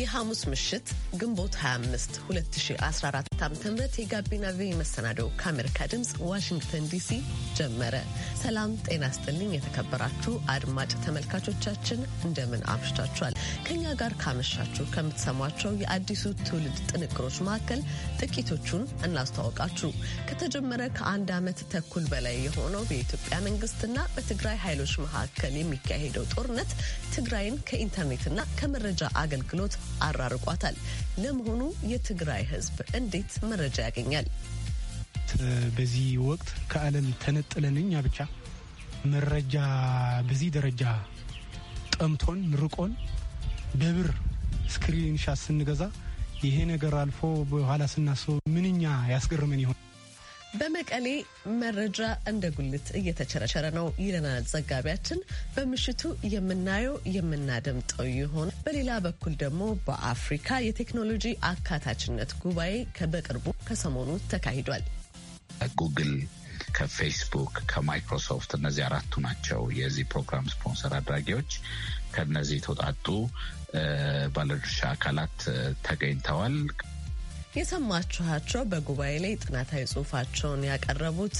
የሐሙስ ምሽት ግንቦት 25 2014 2024 ዓ ም የጋቢና ቪ መሰናደው ከአሜሪካ ድምፅ ዋሽንግተን ዲሲ ጀመረ። ሰላም ጤና ስጥልኝ። የተከበራችሁ አድማጭ ተመልካቾቻችን እንደምን አምሽታችኋል? ከእኛ ጋር ካመሻችሁ ከምትሰሟቸው የአዲሱ ትውልድ ጥንቅሮች መካከል ጥቂቶቹን እናስተዋውቃችሁ። ከተጀመረ ከአንድ ዓመት ተኩል በላይ የሆነው በኢትዮጵያ መንግስትና በትግራይ ኃይሎች መካከል የሚካሄደው ጦርነት ትግራይን ከኢንተርኔትና ከመረጃ አገልግሎት አራርቋታል። ለመሆኑ የትግራይ ህዝብ እንዴት በማለት መረጃ ያገኛል። በዚህ ወቅት ከዓለም ተነጥለን እኛ ብቻ መረጃ በዚህ ደረጃ ጠምቶን ርቆን በብር ስክሪንሻት ስንገዛ ይሄ ነገር አልፎ በኋላ ስናስበው ምንኛ ያስገርመን ይሆን? በመቀሌ መረጃ እንደ ጉልት እየተቸረቸረ ነው ይለናል ዘጋቢያችን። በምሽቱ የምናየው የምናደምጠው ይሆን። በሌላ በኩል ደግሞ በአፍሪካ የቴክኖሎጂ አካታችነት ጉባኤ በቅርቡ ከሰሞኑ ተካሂዷል። ጉግል ከፌስቡክ፣ ከማይክሮሶፍት እነዚህ አራቱ ናቸው የዚህ ፕሮግራም ስፖንሰር አድራጊዎች። ከነዚህ የተውጣጡ ባለድርሻ አካላት ተገኝተዋል። የሰማችኋቸው በጉባኤ ላይ ጥናታዊ ጽሁፋቸውን ያቀረቡት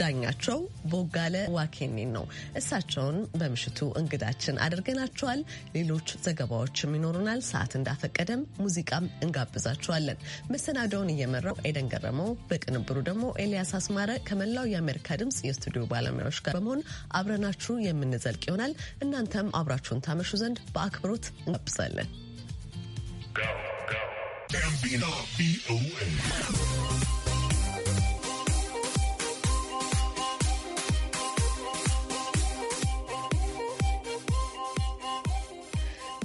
ዳኛቸው ቦጋለ ዋኬኒን ነው። እሳቸውን በምሽቱ እንግዳችን አድርገናቸዋል። ሌሎች ዘገባዎችም ይኖሩናል። ሰዓት እንዳፈቀደም ሙዚቃም እንጋብዛችኋለን። መሰናዳውን እየመራው ኤደን ገረመው፣ በቅንብሩ ደግሞ ኤልያስ አስማረ ከመላው የአሜሪካ ድምፅ የስቱዲዮ ባለሙያዎች ጋር በመሆን አብረናችሁ የምንዘልቅ ይሆናል። እናንተም አብራችሁን ታመሹ ዘንድ በአክብሮት እንጋብዛለን። Gambino, B-O-A.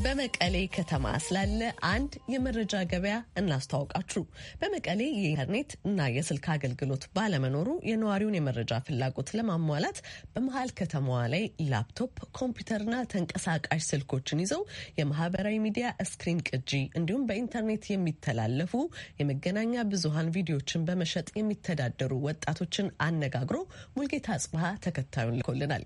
በመቀሌ ከተማ ስላለ አንድ የመረጃ ገበያ እናስተዋውቃችሁ። በመቀሌ የኢንተርኔት እና የስልክ አገልግሎት ባለመኖሩ የነዋሪውን የመረጃ ፍላጎት ለማሟላት በመሀል ከተማዋ ላይ ላፕቶፕ፣ ኮምፒውተርና ተንቀሳቃሽ ስልኮችን ይዘው የማህበራዊ ሚዲያ ስክሪን ቅጂ እንዲሁም በኢንተርኔት የሚተላለፉ የመገናኛ ብዙሃን ቪዲዮችን በመሸጥ የሚተዳደሩ ወጣቶችን አነጋግሮ ሙልጌታ ጽብሃ ተከታዩን ልኮልናል።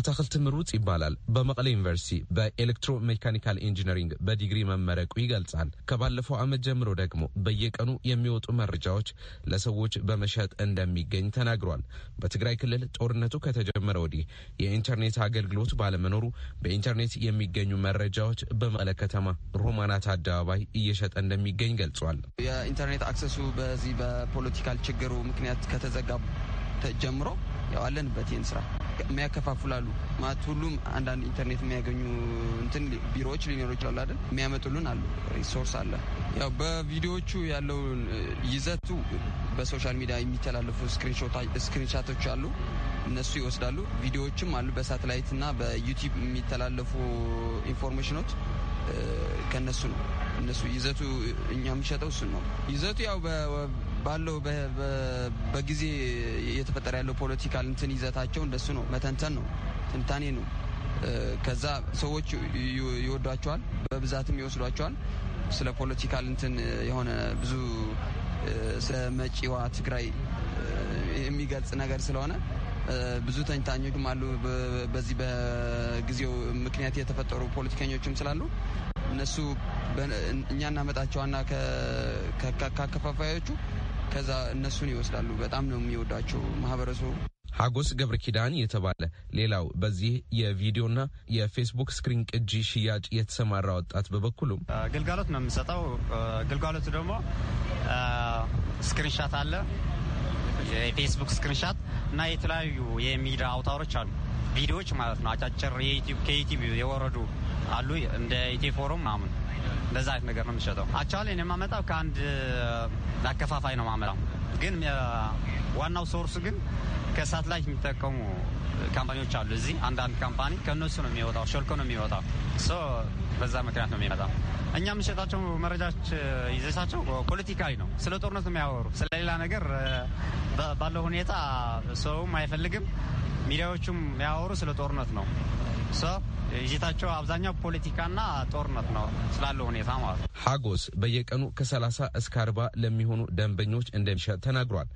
አታክልት ምሩጽ ይባላል። በመቀለ ዩኒቨርሲቲ በኤሌክትሮ ሜካኒካል ኢንጂነሪንግ በዲግሪ መመረቁ ይገልጻል። ከባለፈው ዓመት ጀምሮ ደግሞ በየቀኑ የሚወጡ መረጃዎች ለሰዎች በመሸጥ እንደሚገኝ ተናግሯል። በትግራይ ክልል ጦርነቱ ከተጀመረ ወዲህ የኢንተርኔት አገልግሎት ባለመኖሩ በኢንተርኔት የሚገኙ መረጃዎች በመቀለ ከተማ ሮማናት አደባባይ እየሸጠ እንደሚገኝ ገልጿል። የኢንተርኔት አክሰሱ በዚህ በፖለቲካል ችግሩ ምክንያት ከተዘጋ ጀምሮ ያው አለንበት ይህን ስራ የሚያከፋፍላሉ ማለት ሁሉም አንዳንድ ኢንተርኔት የሚያገኙ እንትን ቢሮዎች ሊኖሩ ይችላሉ አይደል? የሚያመጡልን አሉ ሪሶርስ አለ። ያው በቪዲዮዎቹ ያለውን ይዘቱ በሶሻል ሚዲያ የሚተላለፉ ስክሪንሻቶች አሉ፣ እነሱ ይወስዳሉ። ቪዲዮዎችም አሉ በሳተላይት እና በዩቲዩብ የሚተላለፉ ኢንፎርሜሽኖች ከነሱ ነው። እነሱ ይዘቱ እኛ የሚሸጠው እሱን ነው። ይዘቱ ያው ባለው በጊዜ እየተፈጠረ ያለው ፖለቲካል እንትን ይዘታቸው እንደሱ ነው። መተንተን ነው፣ ትንታኔ ነው። ከዛ ሰዎች ይወዷቸዋል፣ በብዛትም ይወስዷቸዋል። ስለ ፖለቲካል እንትን የሆነ ብዙ ስለ መጪዋ ትግራይ የሚገልጽ ነገር ስለሆነ ብዙ ተንታኞችም አሉ። በዚህ በጊዜው ምክንያት የተፈጠሩ ፖለቲከኞችም ስላሉ እነሱ እኛ እናመጣቸዋና ከአከፋፋዮቹ ከዛ እነሱን ይወስዳሉ። በጣም ነው የሚወዷቸው ማህበረሰቡ። ሀጎስ ገብረ ኪዳን የተባለ ሌላው በዚህ የቪዲዮና የፌስቡክ ስክሪን ቅጂ ሽያጭ የተሰማራ ወጣት በበኩሉም ግልጋሎት ነው የምንሰጠው። ግልጋሎቱ ደግሞ ስክሪንሻት አለ፣ የፌስቡክ ስክሪንሻት እና የተለያዩ የሚዲያ አውታሮች አሉ፣ ቪዲዮዎች ማለት ነው። አጫጭር ከዩቲዩብ የወረዱ አሉ እንደ ኢቴ ፎረም ምናምን እንደዛ አይነት ነገር ነው የምትሸጠው። አቻል እኔ የማመጣው ከአንድ አከፋፋይ ነው ማመጣው፣ ግን ዋናው ሶርስ ግን ከሳትላይት የሚጠቀሙ ካምፓኒዎች አሉ እዚህ። አንዳንድ ካምፓኒ ከእነሱ ነው የሚወጣው፣ ሾልኮ ነው የሚወጣው። በዛ ምክንያት ነው የሚመጣው። እኛ የምንሸጣቸው መረጃዎች ይዘታቸው ፖለቲካዊ ነው። ስለ ጦርነት የሚያወሩ፣ ስለሌላ ነገር ባለው ሁኔታ ሰውም አይፈልግም። ሚዲያዎቹም የሚያወሩ ስለ ጦርነት ነው። እይታቸው አብዛኛው ፖለቲካና ጦርነት ነው ስላለው ሁኔታ ማለት ነው። ሀጎስ በየቀኑ ከ30 እስከ አርባ ለሚሆኑ ደንበኞች እንደሚሸጥ ተናግሯል።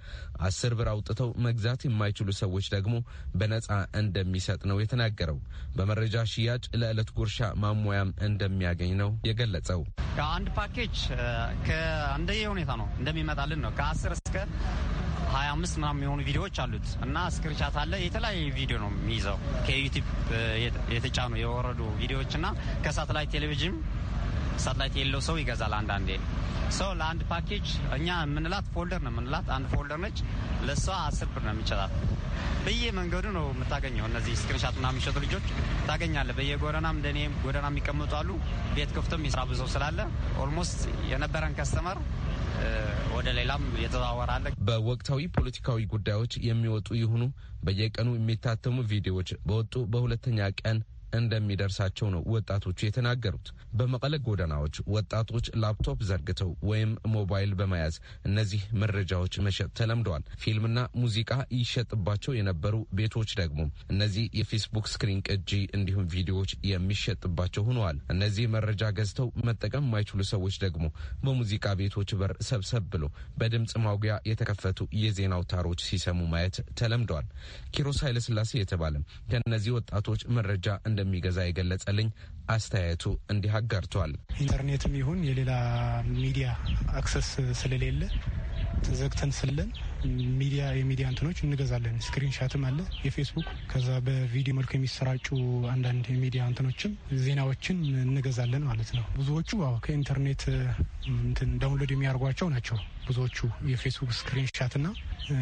አስር ብር አውጥተው መግዛት የማይችሉ ሰዎች ደግሞ በነፃ እንደሚሰጥ ነው የተናገረው። በመረጃ ሽያጭ ለዕለት ጉርሻ ማሟያም እንደሚያገኝ ነው የገለጸው። አንድ ፓኬጅ ከአንደየ ሁኔታ ነው እንደሚመጣልን ነው ከአስር እስከ ሀያ አምስት ምናምን የሆኑ ቪዲዮዎች አሉት እና ስክሪንሻት አለ። የተለያዩ ቪዲዮ ነው የሚይዘው ከዩቲዩብ የተጫኑ የወረዱ ቪዲዮዎች እና ከሳተላይት ቴሌቪዥን ሳተላይት የሌለው ሰው ይገዛል። አንዳንዴ ሰው ለአንድ ፓኬጅ እኛ የምንላት ፎልደር ነው የምንላት አንድ ፎልደር ነች። ለእሷ አስር ብር ነው በየ በየመንገዱ ነው የምታገኘው። እነዚህ ስክሪንሻት ና የሚሸጡ ልጆች ታገኛለ። በየጎረና እንደኔ ጎረና የሚቀመጡ አሉ። ቤት ክፍትም የስራ ብዙ ስላለ ኦልሞስት የነበረን ከስተመር ወደ ሌላም የተዘዋወራለ። በወቅታዊ ፖለቲካዊ ጉዳዮች የሚወጡ ይሁኑ በየቀኑ የሚታተሙ ቪዲዮዎች በወጡ በሁለተኛ ቀን እንደሚደርሳቸው ነው ወጣቶቹ የተናገሩት። በመቀለ ጎዳናዎች ወጣቶች ላፕቶፕ ዘርግተው ወይም ሞባይል በመያዝ እነዚህ መረጃዎች መሸጥ ተለምደዋል። ፊልምና ሙዚቃ ይሸጥባቸው የነበሩ ቤቶች ደግሞ እነዚህ የፌስቡክ ስክሪን ቅጂ እንዲሁም ቪዲዮዎች የሚሸጥባቸው ሆነዋል። እነዚህ መረጃ ገዝተው መጠቀም የማይችሉ ሰዎች ደግሞ በሙዚቃ ቤቶች በር ሰብሰብ ብሎ በድምፅ ማጉያ የተከፈቱ የዜና አውታሮች ሲሰሙ ማየት ተለምደዋል። ኪሮስ ኃይለስላሴ የተባለም ከእነዚህ ወጣቶች መረጃ እንደሚገዛ የገለጸልኝ አስተያየቱ እንዲህ አጋርቷል። ኢንተርኔትም ይሁን የሌላ ሚዲያ አክሰስ ስለሌለ ተዘግተን ስለን ሚዲያ የሚዲያ እንትኖች እንገዛለን። ስክሪን ሻትም አለ የፌስቡክ ከዛ በቪዲዮ መልኩ የሚሰራጩ አንዳንድ የሚዲያ እንትኖችም ዜናዎችን እንገዛለን ማለት ነው። ብዙዎቹ ከኢንተርኔት እንትን ዳውንሎድ የሚያደርጓቸው ናቸው። ብዙዎቹ የፌስቡክ ስክሪን ሻትና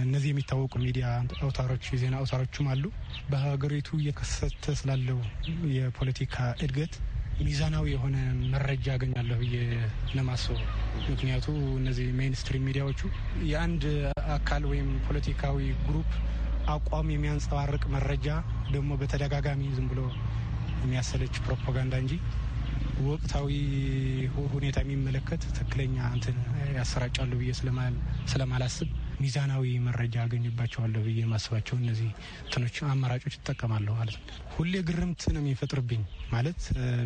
እነዚህ የሚታወቁ ሚዲያ አውታሮች የዜና አውታሮችም አሉ። በሀገሪቱ እየከሰተ ስላለው የፖለቲካ እድገት ሚዛናዊ የሆነ መረጃ አገኛለሁ ብዬ ለማስበው። ምክንያቱ እነዚህ ሜይንስትሪም ሚዲያዎቹ የአንድ አካል ወይም ፖለቲካዊ ግሩፕ አቋም የሚያንጸባርቅ መረጃ ደግሞ በተደጋጋሚ ዝም ብሎ የሚያሰለች ፕሮፓጋንዳ እንጂ ወቅታዊ ሁኔታ የሚመለከት ትክክለኛ እንትን ያሰራጫሉ ብዬ ስለማላስብ ሚዛናዊ መረጃ አገኝባቸዋለሁ ብዬ ማስባቸው እነዚህ እንትኖች አማራጮች ይጠቀማለሁ ማለት ነው። ሁሌ ግርምት ነው የሚፈጥርብኝ ማለት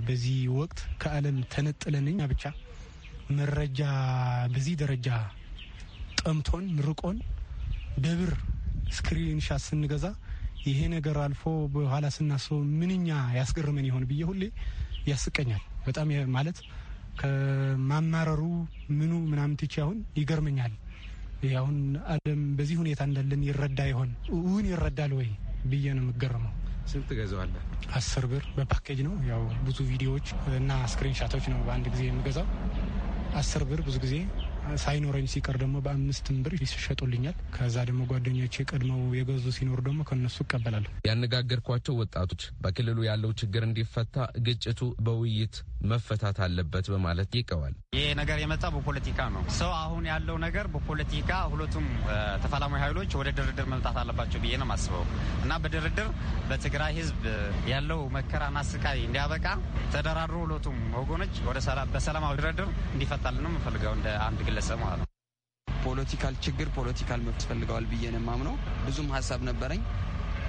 በዚህ ወቅት ከዓለም እኛ ብቻ መረጃ በዚህ ደረጃ ጠምቶን ርቆን በብር ስክሪን ሻት ስንገዛ ይሄ ነገር አልፎ በኋላ ስናስበው ምንኛ ያስገርመን ይሆን ብዬ ሁሌ ያስቀኛል። በጣም ማለት ከማማረሩ ምኑ ምናምን ትቼ አሁን ይገርመኛል። ያሁን ዓለም በዚህ ሁኔታ እንዳለን ይረዳ ይሆን እውን ይረዳል ወይ ብዬ ነው የምገረመው። ስንት ገዛዋለ? አስር ብር በፓኬጅ ነው። ያው ብዙ ቪዲዮዎች እና ስክሪንሻቶች ነው በአንድ ጊዜ የምገዛው። አስር ብር ብዙ ጊዜ ሳይኖረኝ ሲቀር ደግሞ በአምስትም ብር ይሸጡልኛል። ከዛ ደግሞ ጓደኞቼ ቀድመው የገዙ ሲኖሩ ደግሞ ከነሱ እቀበላለሁ። ያነጋገርኳቸው ወጣቶች በክልሉ ያለው ችግር እንዲፈታ ግጭቱ በውይይት መፈታት አለበት በማለት ይቀዋል። ይህ ነገር የመጣ በፖለቲካ ነው። ሰው አሁን ያለው ነገር በፖለቲካ ሁለቱም ተፋላሚ ኃይሎች ወደ ድርድር መምጣት አለባቸው ብዬ ነው የማስበው እና በድርድር በትግራይ ሕዝብ ያለው መከራና ስቃይ እንዲያበቃ ተደራድሮ ሁለቱም ወገኖች በሰላማዊ ድርድር እንዲፈታልን ነው የምፈልገው እንደ አንድ ግለ የተመለሰ ማለት ነው። ፖለቲካል ችግር ፖለቲካል መፍትሄ ፈልገዋል ብዬ ነው የማምነው። ብዙም ሀሳብ ነበረኝ።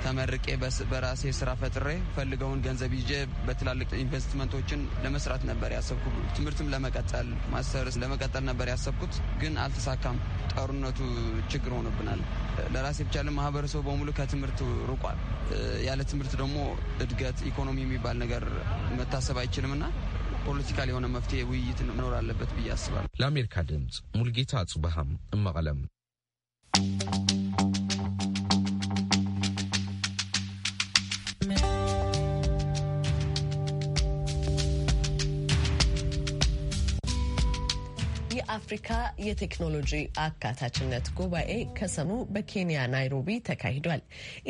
ተመርቄ በራሴ ስራ ፈጥሬ ፈልገውን ገንዘብ ይዤ በትላልቅ ኢንቨስትመንቶችን ለመስራት ነበር ያሰብኩት። ትምህርትም ለመቀጠል ማስተርስ ለመቀጠል ነበር ያሰብኩት፣ ግን አልተሳካም። ጦርነቱ ችግር ሆኖብናል። ለራሴ ብቻለን ማህበረሰቡ በሙሉ ከትምህርት ርቋል። ያለ ትምህርት ደግሞ እድገት ኢኮኖሚ የሚባል ነገር መታሰብ አይችልምና ፖለቲካል የሆነ መፍትሄ ውይይት መኖር አለበት ብዬ አስባለሁ። ለአሜሪካ ድምፅ ሙልጌታ አጽበሃም እመቀለም የአፍሪካ የቴክኖሎጂ አካታችነት ጉባኤ ከሰኑ በኬንያ ናይሮቢ ተካሂዷል።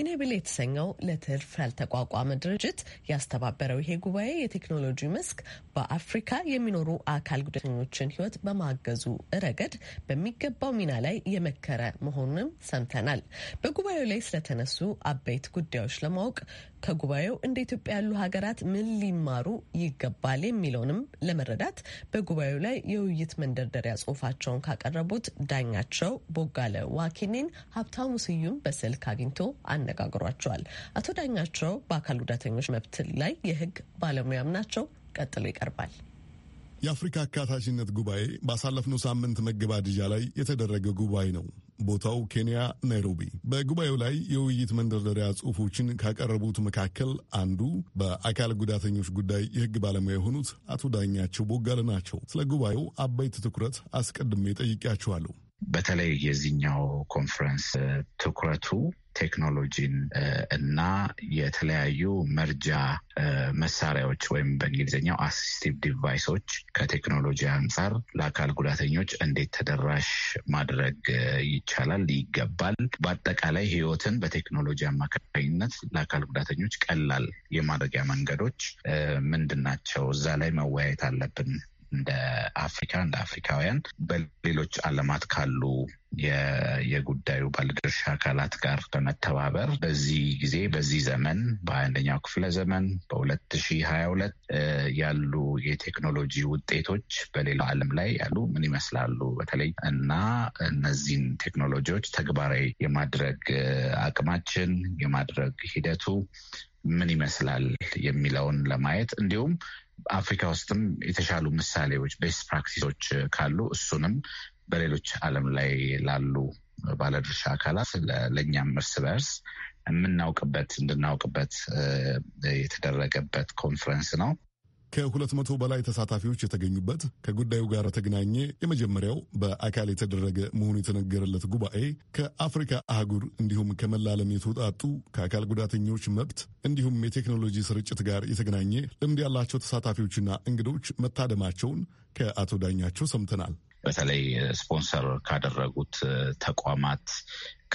ኢኔብል የተሰኘው ለትርፍ ያልተቋቋመ ድርጅት ያስተባበረው ይሄ ጉባኤ የቴክኖሎጂ መስክ በአፍሪካ የሚኖሩ አካል ጉዳተኞችን ሕይወት በማገዙ ረገድ በሚገባው ሚና ላይ የመከረ መሆኑንም ሰምተናል። በጉባኤው ላይ ስለተነሱ አበይት ጉዳዮች ለማወቅ ከጉባኤው እንደ ኢትዮጵያ ያሉ ሀገራት ምን ሊማሩ ይገባል የሚለውንም ለመረዳት በጉባኤው ላይ የውይይት መንደርደሪያ የማብራሪያ ጽሁፋቸውን ካቀረቡት ዳኛቸው ቦጋለ ዋኪኒን ሀብታሙ ስዩም በስልክ አግኝቶ አነጋግሯቸዋል። አቶ ዳኛቸው በአካል ጉዳተኞች መብት ላይ የህግ ባለሙያም ናቸው። ቀጥሎ ይቀርባል። የአፍሪካ አካታችነት ጉባኤ ባሳለፍነው ሳምንት መገባደጃ ላይ የተደረገ ጉባኤ ነው። ቦታው ኬንያ ናይሮቢ። በጉባኤው ላይ የውይይት መንደርደሪያ ጽሑፎችን ካቀረቡት መካከል አንዱ በአካል ጉዳተኞች ጉዳይ የህግ ባለሙያ የሆኑት አቶ ዳኛቸው ቦጋለ ናቸው። ስለ ጉባኤው አበይት ትኩረት አስቀድሜ ጠይቄያችኋለሁ። በተለይ የዚህኛው ኮንፈረንስ ትኩረቱ ቴክኖሎጂን እና የተለያዩ መርጃ መሳሪያዎች ወይም በእንግሊዝኛው አሲስቲቭ ዲቫይሶች ከቴክኖሎጂ አንጻር ለአካል ጉዳተኞች እንዴት ተደራሽ ማድረግ ይቻላል ይገባል። በአጠቃላይ ሕይወትን በቴክኖሎጂ አማካኝነት ለአካል ጉዳተኞች ቀላል የማድረጊያ መንገዶች ምንድን ናቸው? እዛ ላይ መወያየት አለብን እንደ አፍሪካ እንደ አፍሪካውያን በሌሎች አለማት ካሉ የጉዳዩ ባለድርሻ አካላት ጋር በመተባበር በዚህ ጊዜ በዚህ ዘመን በአንደኛው ክፍለ ዘመን በሁለት ሺህ ሀያ ሁለት ያሉ የቴክኖሎጂ ውጤቶች በሌላ ዓለም ላይ ያሉ ምን ይመስላሉ በተለይ እና እነዚህን ቴክኖሎጂዎች ተግባራዊ የማድረግ አቅማችን የማድረግ ሂደቱ ምን ይመስላል የሚለውን ለማየት እንዲሁም አፍሪካ ውስጥም የተሻሉ ምሳሌዎች ቤስት ፕራክቲሶች ካሉ እሱንም በሌሎች ዓለም ላይ ላሉ ባለድርሻ አካላት ለእኛም እርስ በርስ የምናውቅበት እንድናውቅበት የተደረገበት ኮንፈረንስ ነው። ከሁለት መቶ በላይ ተሳታፊዎች የተገኙበት ከጉዳዩ ጋር ተገናኘ የመጀመሪያው በአካል የተደረገ መሆኑ የተነገረለት ጉባኤ ከአፍሪካ አህጉር እንዲሁም ከመላ ዓለም የተውጣጡ ከአካል ጉዳተኞች መብት እንዲሁም የቴክኖሎጂ ስርጭት ጋር የተገናኘ ልምድ ያላቸው ተሳታፊዎችና እንግዶች መታደማቸውን ከአቶ ዳኛቸው ሰምተናል። በተለይ ስፖንሰር ካደረጉት ተቋማት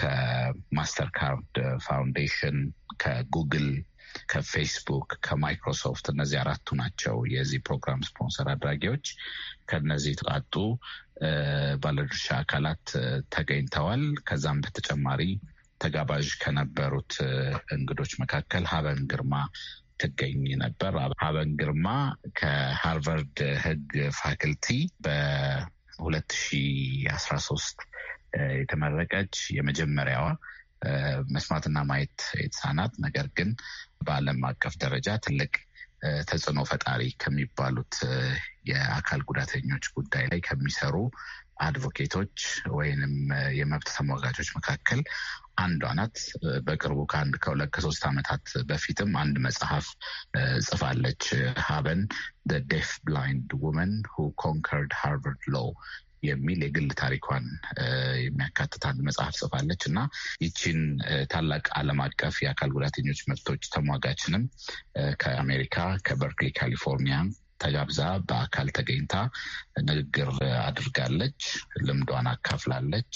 ከማስተርካርድ ፋውንዴሽን፣ ከጉግል ከፌስቡክ፣ ከማይክሮሶፍት እነዚህ አራቱ ናቸው የዚህ ፕሮግራም ስፖንሰር አድራጊዎች። ከነዚህ የተውጣጡ ባለድርሻ አካላት ተገኝተዋል። ከዛም በተጨማሪ ተጋባዥ ከነበሩት እንግዶች መካከል ሀበን ግርማ ትገኝ ነበር። ሀበን ግርማ ከሃርቫርድ ሕግ ፋክልቲ በ2013 የተመረቀች የመጀመሪያዋ መስማትና ማየት የተሳናት ነገር ግን በዓለም አቀፍ ደረጃ ትልቅ ተጽዕኖ ፈጣሪ ከሚባሉት የአካል ጉዳተኞች ጉዳይ ላይ ከሚሰሩ አድቮኬቶች ወይንም የመብት ተሟጋቾች መካከል አንዷ ናት። በቅርቡ ከአንድ ከሁለት ከሶስት ዓመታት በፊትም አንድ መጽሐፍ ጽፋለች። ሀበን ዴፍ ብላይንድ ውመን ሁ ኮንከርድ ሃርቨርድ ሎው የሚል የግል ታሪኳን የሚያካትት አንድ መጽሐፍ ጽፋለች እና ይቺን ታላቅ ዓለም አቀፍ የአካል ጉዳተኞች መብቶች ተሟጋችንም ከአሜሪካ ከበርክሊ ካሊፎርኒያ ተጋብዛ በአካል ተገኝታ ንግግር አድርጋለች። ልምዷን አካፍላለች።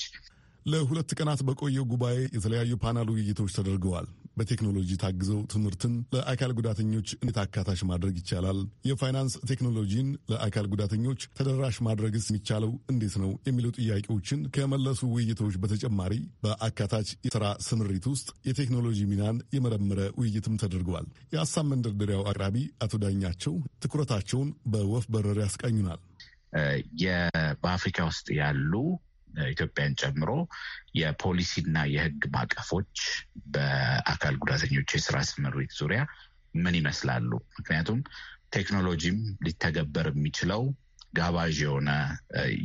ለሁለት ቀናት በቆየው ጉባኤ የተለያዩ ፓናል ውይይቶች ተደርገዋል። በቴክኖሎጂ ታግዘው ትምህርትን ለአካል ጉዳተኞች እንዴት አካታች ማድረግ ይቻላል? የፋይናንስ ቴክኖሎጂን ለአካል ጉዳተኞች ተደራሽ ማድረግስ የሚቻለው እንዴት ነው? የሚሉ ጥያቄዎችን ከመለሱ ውይይቶች በተጨማሪ በአካታች የስራ ስምሪት ውስጥ የቴክኖሎጂ ሚናን የመረመረ ውይይትም ተደርገዋል። የሀሳብ መንደርደሪያው አቅራቢ አቶ ዳኛቸው ትኩረታቸውን በወፍ በረር ያስቃኙናል። በአፍሪካ ውስጥ ያሉ ኢትዮጵያን ጨምሮ የፖሊሲና የሕግ ማቀፎች በአካል ጉዳተኞች የስራ ስምሪት ዙሪያ ምን ይመስላሉ? ምክንያቱም ቴክኖሎጂም ሊተገበር የሚችለው ጋባዥ የሆነ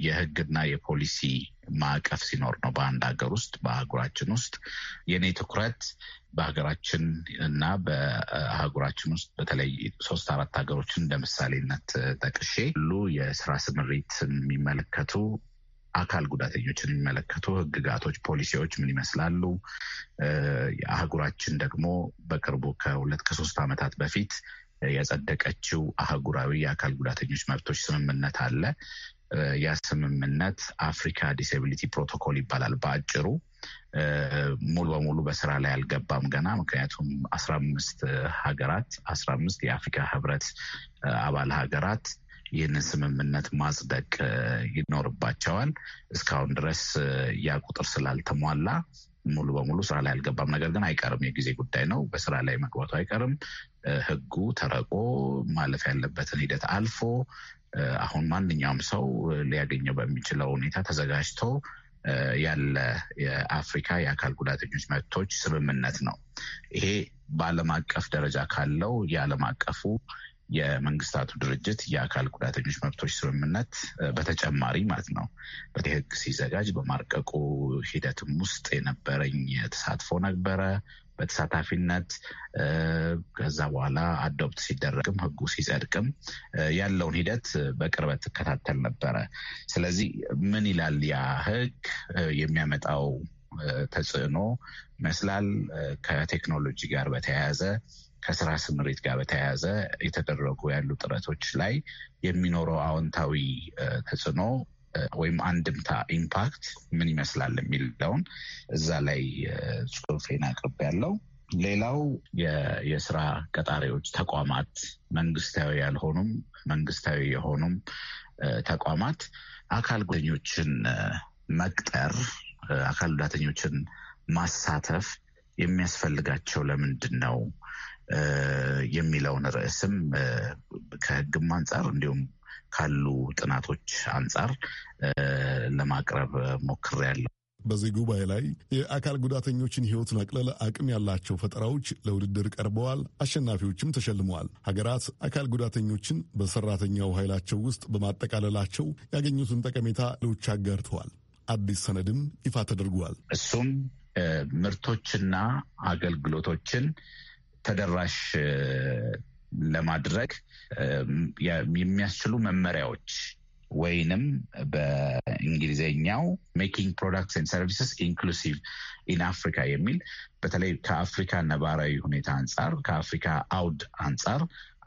የሕግና የፖሊሲ ማዕቀፍ ሲኖር ነው። በአንድ ሀገር ውስጥ በአህጉራችን ውስጥ የኔ ትኩረት በሀገራችን እና በአህጉራችን ውስጥ በተለይ ሶስት አራት ሀገሮችን እንደ ምሳሌነት ጠቅሼ ሁሉ የስራ ስምሪት የሚመለከቱ አካል ጉዳተኞችን የሚመለከቱ ህግጋቶች፣ ፖሊሲዎች ምን ይመስላሉ? አህጉራችን ደግሞ በቅርቡ ከሁለት ከሶስት ዓመታት በፊት የጸደቀችው አህጉራዊ የአካል ጉዳተኞች መብቶች ስምምነት አለ። ያ ስምምነት አፍሪካ ዲስኤቢሊቲ ፕሮቶኮል ይባላል በአጭሩ። ሙሉ በሙሉ በስራ ላይ አልገባም ገና ምክንያቱም አስራ አምስት ሀገራት አስራ አምስት የአፍሪካ ህብረት አባል ሀገራት ይህንን ስምምነት ማጽደቅ ይኖርባቸዋል። እስካሁን ድረስ ያ ቁጥር ስላልተሟላ ሙሉ በሙሉ ስራ ላይ አልገባም። ነገር ግን አይቀርም፣ የጊዜ ጉዳይ ነው። በስራ ላይ መግባቱ አይቀርም። ህጉ ተረቆ ማለፍ ያለበትን ሂደት አልፎ አሁን ማንኛውም ሰው ሊያገኘው በሚችለው ሁኔታ ተዘጋጅቶ ያለ የአፍሪካ የአካል ጉዳተኞች መብቶች ስምምነት ነው። ይሄ በዓለም አቀፍ ደረጃ ካለው የዓለም አቀፉ የመንግስታቱ ድርጅት የአካል ጉዳተኞች መብቶች ስምምነት በተጨማሪ ማለት ነው በዚህ ሲዘጋጅ በማርቀቁ ሂደትም ውስጥ የነበረኝ ተሳትፎ ነበረ በተሳታፊነት ከዛ በኋላ አዶፕት ሲደረግም ህጉ ሲጸድቅም ያለውን ሂደት በቅርበት ትከታተል ነበረ። ስለዚህ ምን ይላል ያ ህግ የሚያመጣው ተጽዕኖ ይመስላል። ከቴክኖሎጂ ጋር በተያያዘ ከስራ ስምሪት ጋር በተያያዘ የተደረጉ ያሉ ጥረቶች ላይ የሚኖረው አዎንታዊ ተጽዕኖ ወይም አንድምታ ኢምፓክት ምን ይመስላል የሚለውን እዛ ላይ ጽሁፌን አቅርብ ያለው። ሌላው የስራ ቀጣሪዎች ተቋማት መንግስታዊ ያልሆኑም መንግስታዊ የሆኑም ተቋማት አካል ጉዳተኞችን መቅጠር፣ አካል ጉዳተኞችን ማሳተፍ የሚያስፈልጋቸው ለምንድን ነው? የሚለውን ርዕስም ከህግም አንጻር እንዲሁም ካሉ ጥናቶች አንጻር ለማቅረብ ሞክሬያለሁ። በዚህ ጉባኤ ላይ የአካል ጉዳተኞችን ህይወት መቅለል አቅም ያላቸው ፈጠራዎች ለውድድር ቀርበዋል። አሸናፊዎችም ተሸልመዋል። ሀገራት አካል ጉዳተኞችን በሰራተኛው ኃይላቸው ውስጥ በማጠቃለላቸው ያገኙትን ጠቀሜታ ሌሎች አጋርተዋል። አዲስ ሰነድም ይፋ ተደርጓል። እሱም ምርቶችና አገልግሎቶችን ተደራሽ ለማድረግ የሚያስችሉ መመሪያዎች ወይንም በእንግሊዝኛው ሜኪንግ ፕሮዳክትስ ኤንድ ሰርቪስስ ኢንክሉሲቭ ኢን አፍሪካ የሚል በተለይ ከአፍሪካ ነባራዊ ሁኔታ አንጻር ከአፍሪካ አውድ አንጻር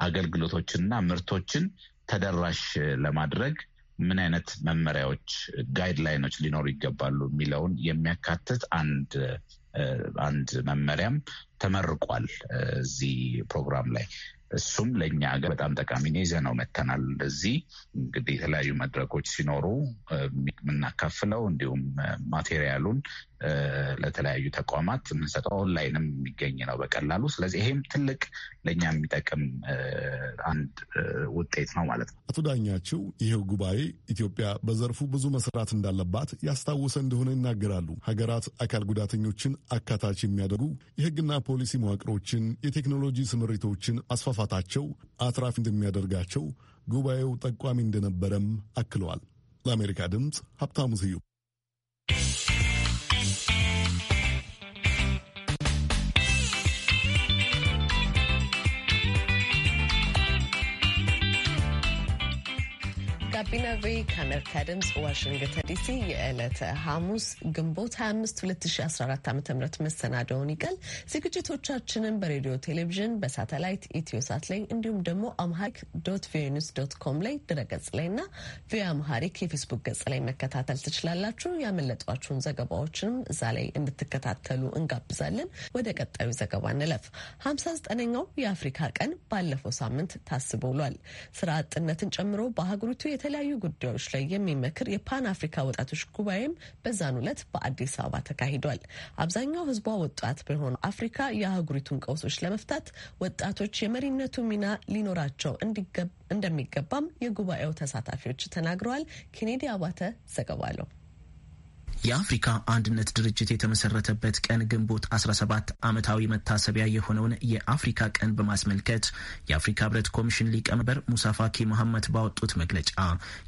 አገልግሎቶችንና ምርቶችን ተደራሽ ለማድረግ ምን አይነት መመሪያዎች፣ ጋይድላይኖች ሊኖሩ ይገባሉ የሚለውን የሚያካትት አንድ አንድ መመሪያም ተመርቋል እዚህ ፕሮግራም ላይ። እሱም ለእኛ ሀገር በጣም ጠቃሚ ነው፣ ይዘነው መተናል። እንደዚህ እንግዲህ የተለያዩ መድረኮች ሲኖሩ የምናካፍለው እንዲሁም ማቴሪያሉን ለተለያዩ ተቋማት የምንሰጠው ኦንላይንም የሚገኝ ነው በቀላሉ። ስለዚህ ይሄም ትልቅ ለእኛ የሚጠቅም አንድ ውጤት ነው ማለት ነው። አቶ ዳኛቸው፣ ይኸው ጉባኤ ኢትዮጵያ በዘርፉ ብዙ መስራት እንዳለባት ያስታወሰ እንደሆነ ይናገራሉ። ሀገራት አካል ጉዳተኞችን አካታች የሚያደርጉ የህግና ፖሊሲ መዋቅሮችን፣ የቴክኖሎጂ ስምሪቶችን ማስፋፋታቸው አትራፊ እንደሚያደርጋቸው ጉባኤው ጠቋሚ እንደነበረም አክለዋል። ለአሜሪካ ድምፅ ሀብታሙ ስዩም ጋቢና ቬ ከአሜሪካ ድምፅ ዋሽንግተን ዲሲ የዕለተ ሐሙስ ግንቦት 25 2014 ዓ ም መሰናደውን ይቀል ዝግጅቶቻችንን በሬዲዮ ቴሌቪዥን፣ በሳተላይት ሳት ላይ እንዲሁም ደግሞ አምሃሪክ ዶት ቪኦኤ ኒውስ ዶት ኮም ላይ ድረገጽ ላይ ና ቪ አምሃሪክ የፌስቡክ ገጽ ላይ መከታተል ትችላላችሁ። ያመለጧችሁን ዘገባዎችንም እዛ ላይ እንድትከታተሉ እንጋብዛለን። ወደ ቀጣዩ ዘገባ እንለፍ። 59ኛው የአፍሪካ ቀን ባለፈው ሳምንት ታስቦ ውሏል። ስራ አጥነትን ጨምሮ በሀገሪቱ የተለ በተለያዩ ጉዳዮች ላይ የሚመክር የፓን አፍሪካ ወጣቶች ጉባኤም በዛን ዕለት በአዲስ አበባ ተካሂዷል። አብዛኛው ህዝቧ ወጣት በሆኑ አፍሪካ የአህጉሪቱን ቀውሶች ለመፍታት ወጣቶች የመሪነቱ ሚና ሊኖራቸው እንደሚገባም የጉባኤው ተሳታፊዎች ተናግረዋል። ኬኔዲ አባተ ዘገባ አለው። የአፍሪካ አንድነት ድርጅት የተመሰረተበት ቀን ግንቦት 17 ዓመታዊ መታሰቢያ የሆነውን የአፍሪካ ቀን በማስመልከት የአፍሪካ ህብረት ኮሚሽን ሊቀመንበር ሙሳፋኪ መሐመድ ባወጡት መግለጫ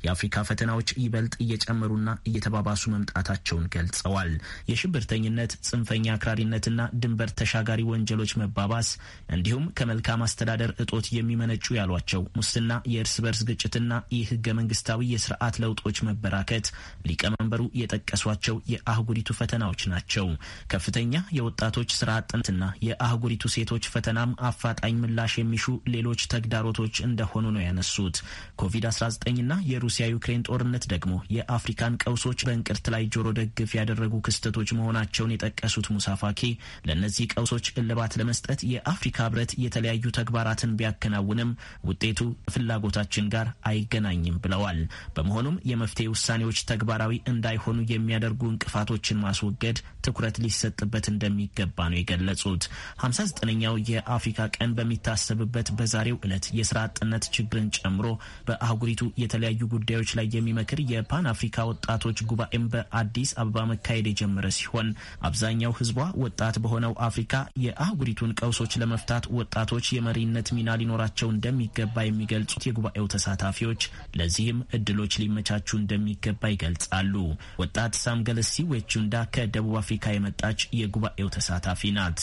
የአፍሪካ ፈተናዎች ይበልጥ እየጨመሩና እየተባባሱ መምጣታቸውን ገልጸዋል። የሽብርተኝነት፣ ጽንፈኛ አክራሪነትና ድንበር ተሻጋሪ ወንጀሎች መባባስ እንዲሁም ከመልካም አስተዳደር እጦት የሚመነጩ ያሏቸው ሙስና፣ የእርስ በርስ ግጭትና የህገ መንግስታዊ የስርዓት ለውጦች መበራከት ሊቀመንበሩ የጠቀሷቸው ያሏቸው የአህጉሪቱ ፈተናዎች ናቸው። ከፍተኛ የወጣቶች ስራ አጥነትና የአህጉሪቱ ሴቶች ፈተናም አፋጣኝ ምላሽ የሚሹ ሌሎች ተግዳሮቶች እንደሆኑ ነው ያነሱት። ኮቪድ-19ና የሩሲያ ዩክሬን ጦርነት ደግሞ የአፍሪካን ቀውሶች በእንቅርት ላይ ጆሮ ደግፍ ያደረጉ ክስተቶች መሆናቸውን የጠቀሱት ሙሳፋኪ ለእነዚህ ቀውሶች እልባት ለመስጠት የአፍሪካ ህብረት የተለያዩ ተግባራትን ቢያከናውንም ውጤቱ ፍላጎታችን ጋር አይገናኝም ብለዋል። በመሆኑም የመፍትሄ ውሳኔዎች ተግባራዊ እንዳይሆኑ የሚያደርጉ የሚያደርጉ እንቅፋቶችን ማስወገድ ትኩረት ሊሰጥበት እንደሚገባ ነው የገለጹት። 59ኛው የአፍሪካ ቀን በሚታሰብበት በዛሬው ዕለት የስራ አጥነት ችግርን ጨምሮ በአህጉሪቱ የተለያዩ ጉዳዮች ላይ የሚመክር የፓን አፍሪካ ወጣቶች ጉባኤም በአዲስ አበባ መካሄድ የጀመረ ሲሆን አብዛኛው ህዝቧ ወጣት በሆነው አፍሪካ የአህጉሪቱን ቀውሶች ለመፍታት ወጣቶች የመሪነት ሚና ሊኖራቸው እንደሚገባ የሚገልጹት የጉባኤው ተሳታፊዎች ለዚህም እድሎች ሊመቻቹ እንደሚገባ ይገልጻሉ። ወጣት ሳም አንገለስ ሲዌቹንዳ ከደቡብ አፍሪካ የመጣች የጉባኤው ተሳታፊ ናት።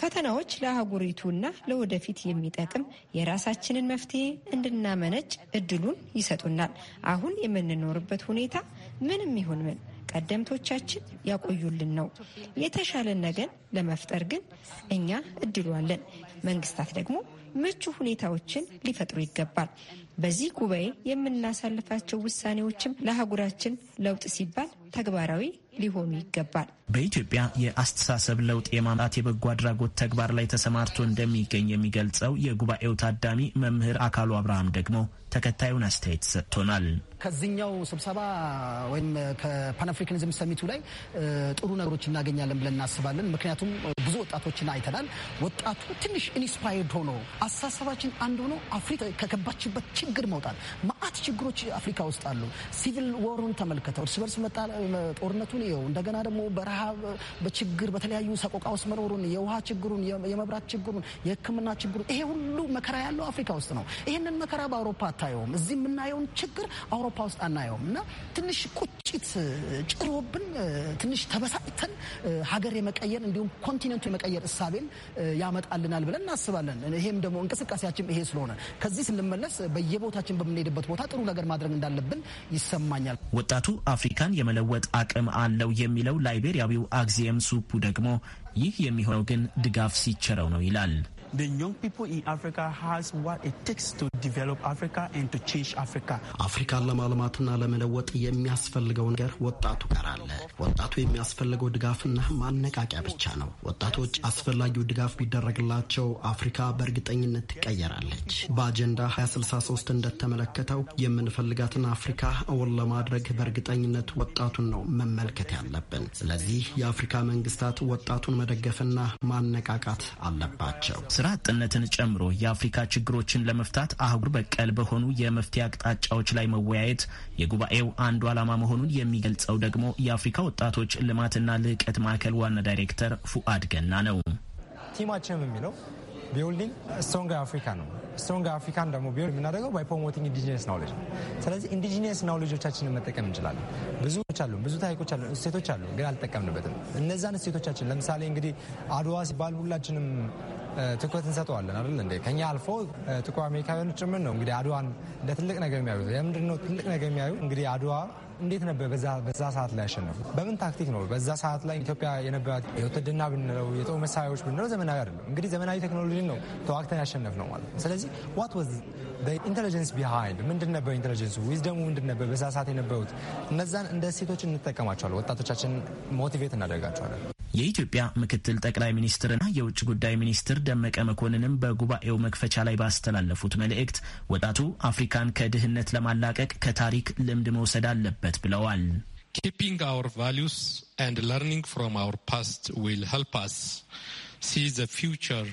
ፈተናዎች ለአህጉሪቱና ለወደፊት የሚጠቅም የራሳችንን መፍትሄ እንድናመነጭ እድሉን ይሰጡናል። አሁን የምንኖርበት ሁኔታ ምንም ይሁን ምን ቀደምቶቻችን ያቆዩልን ነው። የተሻለ ነገር ለመፍጠር ግን እኛ እድሉ አለን። መንግስታት ደግሞ ምቹ ሁኔታዎችን ሊፈጥሩ ይገባል። በዚህ ጉባኤ የምናሳልፋቸው ውሳኔዎችም ለአህጉራችን ለውጥ ሲባል ተግባራዊ ሊሆኑ ይገባል። በኢትዮጵያ የአስተሳሰብ ለውጥ የማምጣት የበጎ አድራጎት ተግባር ላይ ተሰማርቶ እንደሚገኝ የሚገልጸው የጉባኤው ታዳሚ መምህር አካሉ አብርሃም ደግሞ ተከታዩን አስተያየት ሰጥቶናል። ከዚኛው ስብሰባ ወይም ከፓን አፍሪካኒዝም ሰሚቱ ላይ ጥሩ ነገሮች እናገኛለን ብለን እናስባለን። ምክንያቱም ብዙ ወጣቶችን አይተናል። ወጣቱ ትንሽ ኢንስፓየርድ ሆኖ አስተሳሰባችን አንድ ሆኖ አፍሪካ ከገባችበት ችግር መውጣት፣ መዓት ችግሮች አፍሪካ ውስጥ አሉ። ሲቪል ወሩን ተመልከተው እርስ በርስ ጦርነቱን ይኸው እንደገና ደግሞ በረሃብ በችግር በተለያዩ ሰቆቃ ውስጥ መኖሩን የውሃ ችግሩን፣ የመብራት ችግሩን፣ የሕክምና ችግሩን ይሄ ሁሉ መከራ ያለው አፍሪካ ውስጥ ነው። ይህንን መከራ በአውሮፓ አታየውም። እዚህ የምናየውን ችግር አውሮፓ ውስጥ አናየውም። እና ትንሽ ቁጭት ጭሮብን ትንሽ ተበሳጭተን ሀገር የመቀየር እንዲሁም ኮንቲኔንቱ የመቀየር እሳቤን ያመጣልናል ብለን እናስባለን። ይሄም ደግሞ እንቅስቃሴያችን ይሄ ስለሆነ ከዚህ ስንመለስ በየቦታችን በምንሄድበት ቦታ ጥሩ ነገር ማድረግ እንዳለብን ይሰማኛል። ወጣቱ አፍሪካን የመለወጥ አቅም አለ አለው የሚለው ላይቤሪያዊው አግዚኤም ሱፑ ደግሞ ይህ የሚሆነው ግን ድጋፍ ሲቸረው ነው ይላል። አፍሪካን ለማልማትና ለመለወጥ የሚያስፈልገው ነገር ወጣቱ ጋር አለ። ወጣቱ የሚያስፈልገው ድጋፍና ማነቃቂያ ብቻ ነው። ወጣቶች አስፈላጊው ድጋፍ ቢደረግላቸው አፍሪካ በእርግጠኝነት ትቀየራለች። በአጀንዳ 2063 እንደተመለከተው የምንፈልጋትን አፍሪካ እውን ለማድረግ በእርግጠኝነት ወጣቱን ነው መመልከት ያለብን። ስለዚህ የአፍሪካ መንግስታት ወጣቱን መደገፍና ማነቃቃት አለባቸው። ስራ አጥነትን ጨምሮ የአፍሪካ ችግሮችን ለመፍታት አህጉር በቀል በሆኑ የመፍትሄ አቅጣጫዎች ላይ መወያየት የጉባኤው አንዱ ዓላማ መሆኑን የሚገልጸው ደግሞ የአፍሪካ ወጣቶች ልማትና ልህቀት ማዕከል ዋና ዳይሬክተር ፉአድ ገና ነው። ቲማችን የሚለው ቢልዲንግ ስትሮንግ አፍሪካ ነው። ስትሮንግ አፍሪካን ደግሞ ቢሆን የምናደርገው ባይ ፕሮሞቲንግ ኢንዲጂነስ ናውሌጅ ነው። ስለዚህ ኢንዲጂነስ ናውሌጆቻችንን መጠቀም እንችላለን። ብዙዎች አሉ፣ ብዙ ታሪኮች አሉ፣ እሴቶች አሉ፣ ግን አልጠቀምንበትም። እነዛን እሴቶቻችን ለምሳሌ እንግዲህ አድዋ ሲባል ሁላችንም ትኩረት እንሰጠዋለን አይደል እንዴ? ከኛ አልፎ ጥቁር አሜሪካውያኖች ጭምር ነው እንግዲህ አድዋን እንደ ትልቅ ነገር የሚያዩ ለምንድን ነው ትልቅ ነገር የሚያዩ እንግዲህ አድዋ እንዴት ነበር በዛ ሰዓት ላይ ያሸነፉ በምን ታክቲክ ነው? በዛ ሰዓት ላይ ኢትዮጵያ የነበራት የውትድና ብንለው የጦር መሳሪያዎች ብንለው ዘመናዊ አይደለም። እንግዲህ ዘመናዊ ቴክኖሎጂ ነው ተዋግተን ያሸነፍ ነው ማለት ነው። ስለዚህ ዋት ወዝ ኢንቴሊጀንስ ቢሃይንድ ምንድን ነበር ኢንቴሊጀንሱ ዊዝደሙ ምንድን ነበር በዛ ሰዓት የነበሩት? እነዛን እንደ ሴቶች እንጠቀማቸዋለን። ወጣቶቻችን ሞቲቬት እናደርጋቸዋለን። የኢትዮጵያ ምክትል ጠቅላይ ሚኒስትርና የውጭ ጉዳይ ሚኒስትር ደመቀ መኮንንም በጉባኤው መክፈቻ ላይ ባስተላለፉት መልእክት ወጣቱ አፍሪካን ከድህነት ለማላቀቅ ከታሪክ ልምድ መውሰድ አለበት ብለዋል። ኪፒንግ አወር ቫ ኤንድ ለርኒንግ ፍሮም አወር ፓስት ዊል ሄልፕ አስ ሲ ዘ ፊውቸር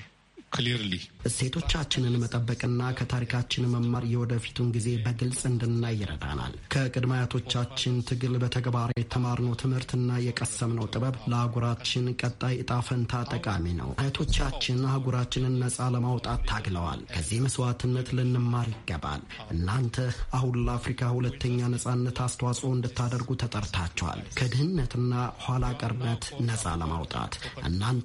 ክሊርሊ እሴቶቻችንን መጠበቅና ከታሪካችን መማር የወደፊቱን ጊዜ በግልጽ እንድናይ ይረዳናል። ከቅድመ አያቶቻችን ትግል በተግባር የተማርነው ትምህርትና የቀሰምነው ጥበብ ለአህጉራችን ቀጣይ እጣፈንታ ጠቃሚ ነው። አያቶቻችን አህጉራችንን ነፃ ለማውጣት ታግለዋል። ከዚህ መስዋዕትነት ልንማር ይገባል። እናንተ አሁን ለአፍሪካ ሁለተኛ ነፃነት አስተዋጽኦ እንድታደርጉ ተጠርታችኋል። ከድህነትና ኋላ ቀርነት ነፃ ለማውጣት እናንተ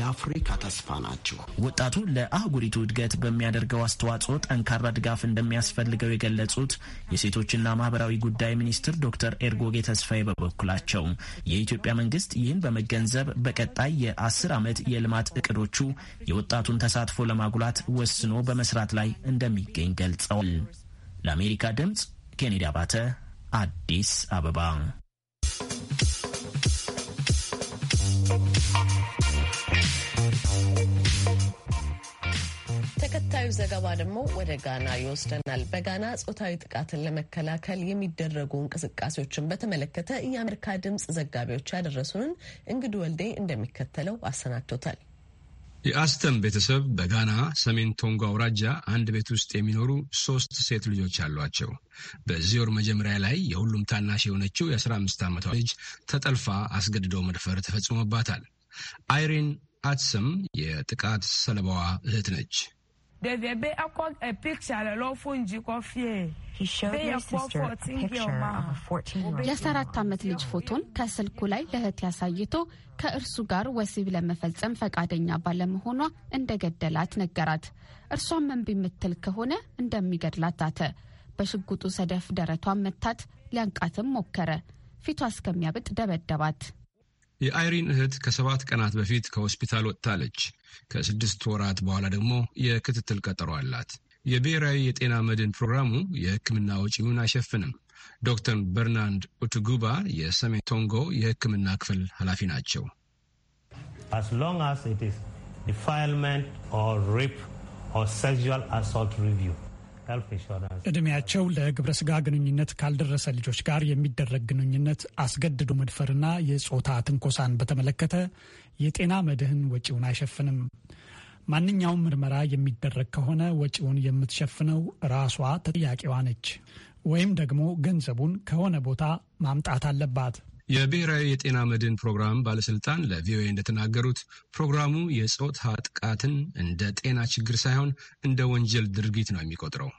የአፍሪካ ተስፋ ናችሁ። ወጣቱ ለአህጉሪቱ እድገት በሚያደርገው አስተዋጽኦ ጠንካራ ድጋፍ እንደሚያስፈልገው የገለጹት የሴቶችና ማህበራዊ ጉዳይ ሚኒስትር ዶክተር ኤርጎጌ ተስፋዬ በበኩላቸው የኢትዮጵያ መንግስት ይህን በመገንዘብ በቀጣይ የአስር ዓመት የልማት እቅዶቹ የወጣቱን ተሳትፎ ለማጉላት ወስኖ በመስራት ላይ እንደሚገኝ ገልጸዋል። ለአሜሪካ ድምፅ ኬኔዲ አባተ አዲስ አበባ። ተከታዩ ዘገባ ደግሞ ወደ ጋና ይወስደናል። በጋና ጾታዊ ጥቃትን ለመከላከል የሚደረጉ እንቅስቃሴዎችን በተመለከተ የአሜሪካ ድምፅ ዘጋቢዎች ያደረሱንን እንግድ ወልዴ እንደሚከተለው አሰናድቶታል። የአስተም ቤተሰብ በጋና ሰሜን ቶንጎ አውራጃ አንድ ቤት ውስጥ የሚኖሩ ሶስት ሴት ልጆች አሏቸው። በዚህ ወር መጀመሪያ ላይ የሁሉም ታናሽ የሆነችው የ15 ዓመቷ ልጅ ተጠልፋ አስገድዶ መድፈር ተፈጽሞባታል። አይሪን አትስም የጥቃት ሰለባዋ እህት ነች። devi be akọ a picture lọfọ njikọ fie. He showed a picture of a 14-year-old. ዓመት ልጅ ፎቶን ከስልኩ ላይ ለእህት ያሳይቶ ከእርሱ ጋር ወሲብ ለመፈጸም ፈቃደኛ ባለመሆኗ እንደገደላት ነገራት። እርሷም እምቢ የምትል ከሆነ እንደሚገድላት አተ። በሽጉጡ ሰደፍ ደረቷን መታት፣ ሊያንቃትም ሞከረ። ፊቷ እስከሚያብጥ ደበደባት። የአይሪን እህት ከሰባት ቀናት በፊት ከሆስፒታል ወጥታለች። ከስድስት ወራት በኋላ ደግሞ የክትትል ቀጠሮ አላት። የብሔራዊ የጤና መድን ፕሮግራሙ የሕክምና ወጪውን አይሸፍንም። ዶክተር በርናንድ ኡቱጉባ የሰሜን ቶንጎ የሕክምና ክፍል ኃላፊ ናቸው። ሪፕ ሴክሹዋል አሶልት ሪቪው ዕድሜያቸው ለግብረ ስጋ ግንኙነት ካልደረሰ ልጆች ጋር የሚደረግ ግንኙነት፣ አስገድዶ መድፈርና የጾታ ትንኮሳን በተመለከተ የጤና መድህን ወጪውን አይሸፍንም። ማንኛውም ምርመራ የሚደረግ ከሆነ ወጪውን የምትሸፍነው ራሷ ተጠያቂዋ ነች፣ ወይም ደግሞ ገንዘቡን ከሆነ ቦታ ማምጣት አለባት። የብሔራዊ የጤና መድን ፕሮግራም ባለስልጣን ለቪኦኤ እንደተናገሩት ፕሮግራሙ የጾታ ጥቃትን እንደ ጤና ችግር ሳይሆን እንደ ወንጀል ድርጊት ነው የሚቆጥረው።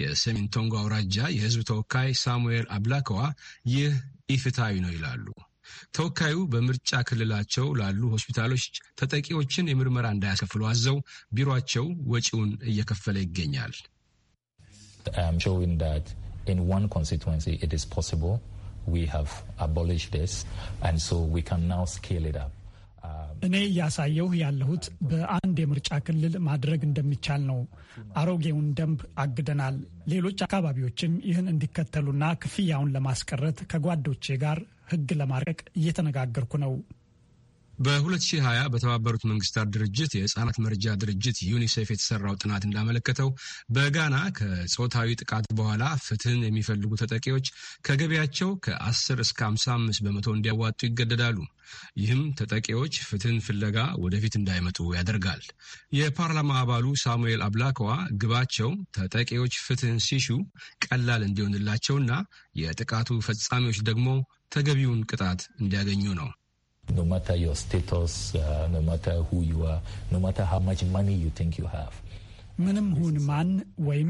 የሰሜን ቶንጎ አውራጃ የህዝብ ተወካይ ሳሙኤል አብላከዋ ይህ ኢፍትሐዊ ነው ይላሉ። ተወካዩ በምርጫ ክልላቸው ላሉ ሆስፒታሎች ተጠቂዎችን የምርመራ እንዳያስከፍሉ አዘው ቢሮቸው ወጪውን እየከፈለ ይገኛል። Uh, እኔ እያሳየሁ ያለሁት በአንድ የምርጫ ክልል ማድረግ እንደሚቻል ነው። አሮጌውን ደንብ አግደናል። ሌሎች አካባቢዎችም ይህን እንዲከተሉና ክፍያውን ለማስቀረት ከጓዶቼ ጋር ሕግ ለማርቀቅ እየተነጋገርኩ ነው። በ2020 በተባበሩት መንግስታት ድርጅት የህፃናት መርጃ ድርጅት ዩኒሴፍ የተሰራው ጥናት እንዳመለከተው በጋና ከጾታዊ ጥቃት በኋላ ፍትህን የሚፈልጉ ተጠቂዎች ከገቢያቸው ከ10 እስከ 55 በመቶ እንዲያዋጡ ይገደዳሉ። ይህም ተጠቂዎች ፍትህን ፍለጋ ወደፊት እንዳይመጡ ያደርጋል። የፓርላማ አባሉ ሳሙኤል አብላከዋ ግባቸው ተጠቂዎች ፍትህን ሲሹ ቀላል እንዲሆንላቸውና የጥቃቱ ፈጻሚዎች ደግሞ ተገቢውን ቅጣት እንዲያገኙ ነው። No matter your status, uh, no matter who you are, no matter how much money you think you have. ምንም ሁን ማን ወይም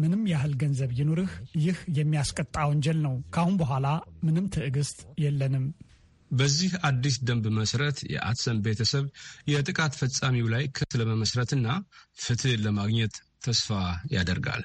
ምንም ያህል ገንዘብ ይኑርህ፣ ይህ የሚያስቀጣ ወንጀል ነው። ካሁን በኋላ ምንም ትዕግስት የለንም። በዚህ አዲስ ደንብ መሰረት የአትሰን ቤተሰብ የጥቃት ፈጻሚው ላይ ክስ ለመመስረትና ፍትህ ለማግኘት ተስፋ ያደርጋል።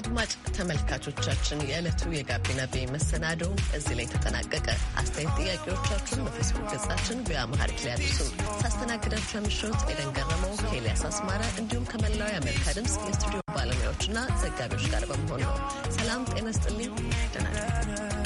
አድማጭ ተመልካቾቻችን የዕለቱ የጋቢና ቤ መሰናደው እዚህ ላይ ተጠናቀቀ። አስተያየት ጥያቄዎቻችን በፌስቡክ ገጻችን በአምሃሪክ ላይ አድርሱን። ሳስተናግዳችሁ ምሽት ኤደን ገረመው ከኤልያስ አስማረ እንዲሁም ከመላው የአሜሪካ ድምፅ የስቱዲዮ ባለሙያዎችና ዘጋቢዎች ጋር በመሆን ነው። ሰላም ጤና ስጥልኝ። ደናል